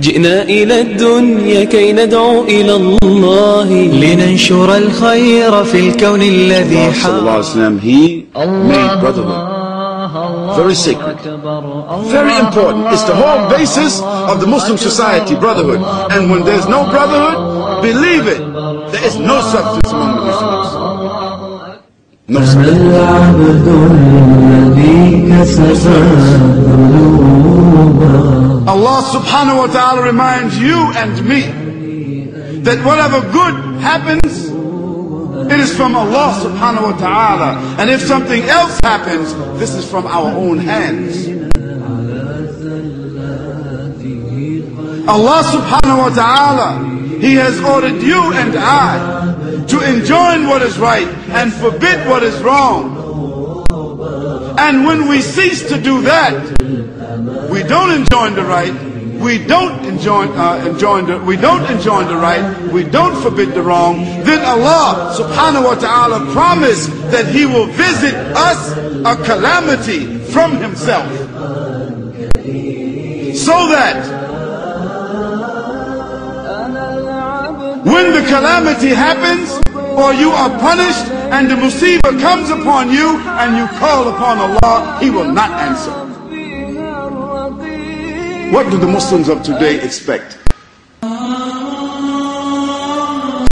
جئنا إلى الدنيا كي ندعو إلى الله لننشر الخير في الكون الذي حار الله made brotherhood very sacred, very important. It's the whole basis of the Muslim society, brotherhood. And when there's no brotherhood, believe it, there is no substance among the Muslims. No substance. Allah subhanahu wa ta'ala reminds you and me that whatever good happens, it is from Allah subhanahu wa ta'ala. And if something else happens, this is from our own hands. Allah subhanahu wa ta'ala, He has ordered you and I to enjoin what is right and forbid what is wrong. And when we cease to do that, we don't enjoin the right, we don't enjoin, uh, enjoin the, we don't enjoin the right, we don't forbid the wrong, then Allah subhanahu wa ta'ala promised that He will visit us a calamity from Himself. So that when the calamity happens or you are punished, and the musibah comes upon you and you call upon Allah, He will not answer. What do the Muslims of today expect?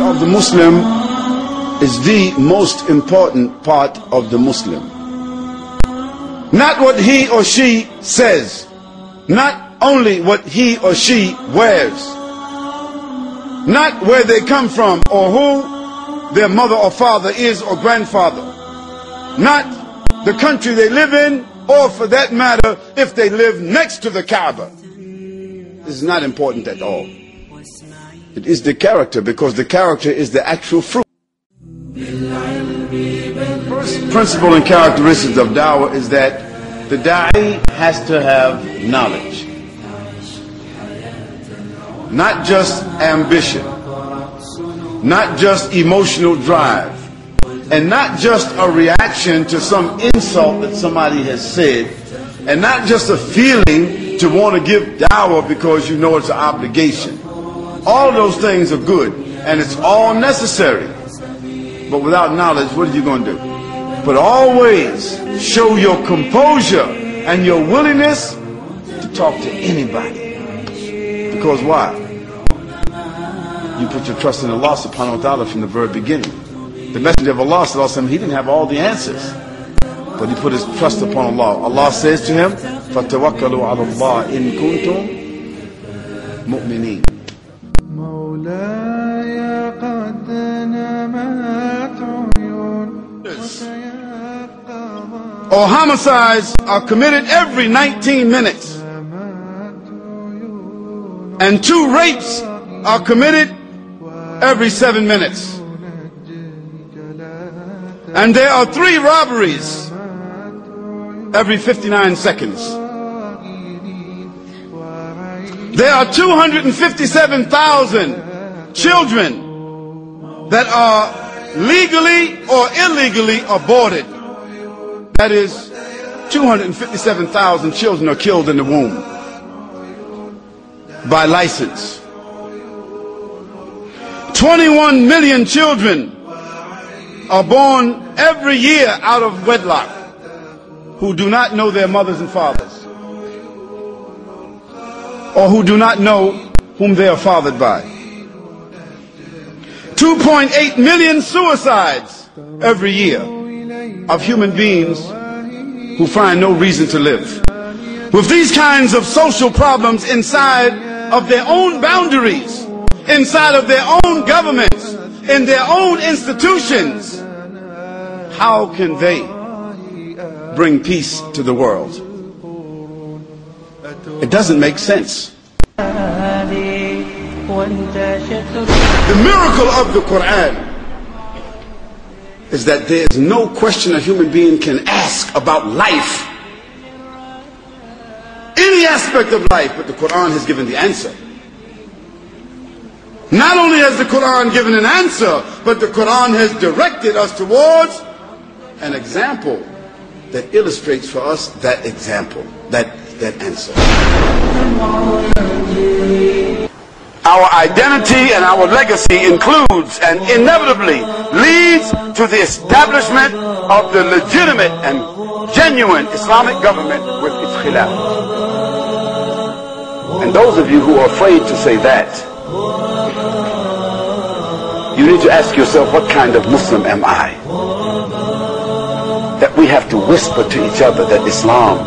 Of the Muslim is the most important part of the Muslim. Not what he or she says, not only what he or she wears, not where they come from or who their mother or father is or grandfather. Not the country they live in, or for that matter, if they live next to the Kaaba. This is not important at all. It is the character, because the character is the actual fruit. First principle and characteristics of dawah is that the da'i has to have knowledge, not just ambition not just emotional drive, and not just a reaction to some insult that somebody has said, and not just a feeling to want to give dower because you know it's an obligation. All those things are good, and it's all necessary. But without knowledge, what are you going to do? But always show your composure and your willingness to talk to anybody. Because why? you put your trust in Allah subhanahu wa ta'ala from the very beginning. The Messenger of Allah, وسلم, he didn't have all the answers, but he put his trust upon Allah. Allah says to him, فَتَوَكَّلُوا عَلَى اللَّهِ إِن كُنتُم مُؤْمِنِينَ Or homicides are committed every 19 minutes. And two rapes are committed every seven minutes. And there are three robberies every 59 seconds. There are 257,000 children that are legally or illegally aborted. That is, 257,000 children are killed in the womb by license. 21 million children are born every year out of wedlock who do not know their mothers and fathers or who do not know whom they are fathered by. 2.8 million suicides every year of human beings who find no reason to live. With these kinds of social problems inside of their own boundaries, inside of their own governments, in their own institutions, how can they bring peace to the world? It doesn't make sense. The miracle of the Quran is that there is no question a human being can ask about life, any aspect of life, but the Quran has given the answer. Not only has the Quran given an answer, but the Quran has directed us towards an example that illustrates for us that example, that, that answer. Our identity and our legacy includes and inevitably leads to the establishment of the legitimate and genuine Islamic government with its khilaf. And those of you who are afraid to say that, you need to ask yourself, what kind of Muslim am I? That we have to whisper to each other that Islam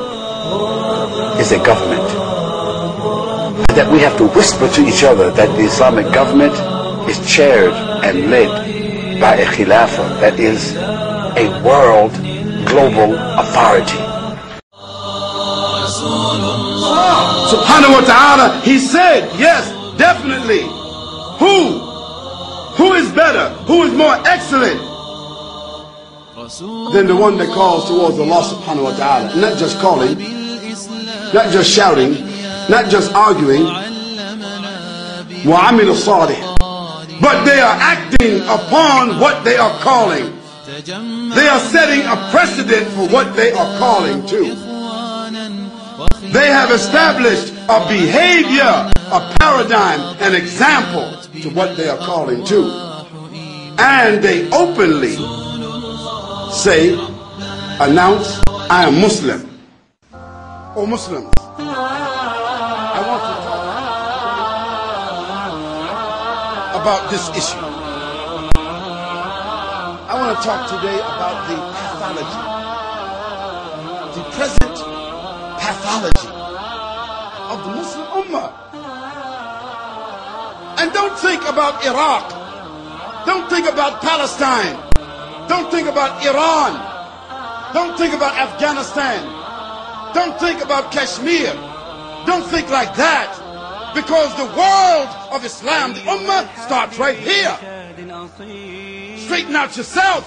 is a government. That we have to whisper to each other that the Islamic government is chaired and led by a khilafah, that is a world global authority. Subhanahu wa ta'ala, he said, yes, definitely. Who is better? Who is more excellent than the one that calls towards Allah subhanahu wa ta'ala? Not just calling, not just shouting, not just arguing. وَعَمِلُ الصَّالِحِ But they are acting upon what they are calling. They are setting a precedent for what they are calling to. They have established a behavior, a paradigm, an example to what they are calling to. And they openly say, announce, I am Muslim. Or oh, Muslims. I want to talk about this issue. I want to talk today about the pathology, the present pathology of the Muslim Ummah. And don't think about Iraq don't think about Palestine. Don't think about Iran. Don't think about Afghanistan. Don't think about Kashmir. Don't think like that. Because the world of Islam, the Ummah, starts right here. Straighten out yourself.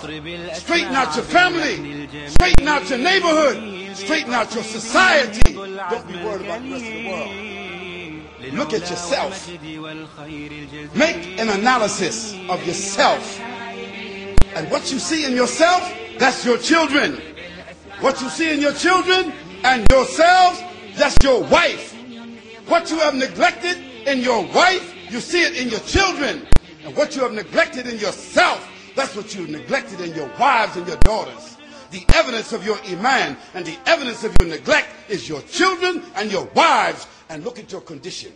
Straighten out your family. Straighten out your neighborhood. Straighten out your society. Don't be worried about the rest of the world. Look at yourself. Make an analysis of yourself. And what you see in yourself, that's your children. What you see in your children and yourselves, that's your wife. What you have neglected in your wife, you see it in your children. And what you have neglected in yourself, that's what you neglected in your wives and your daughters the evidence of your iman and the evidence of your neglect is your children and your wives. And look at your condition.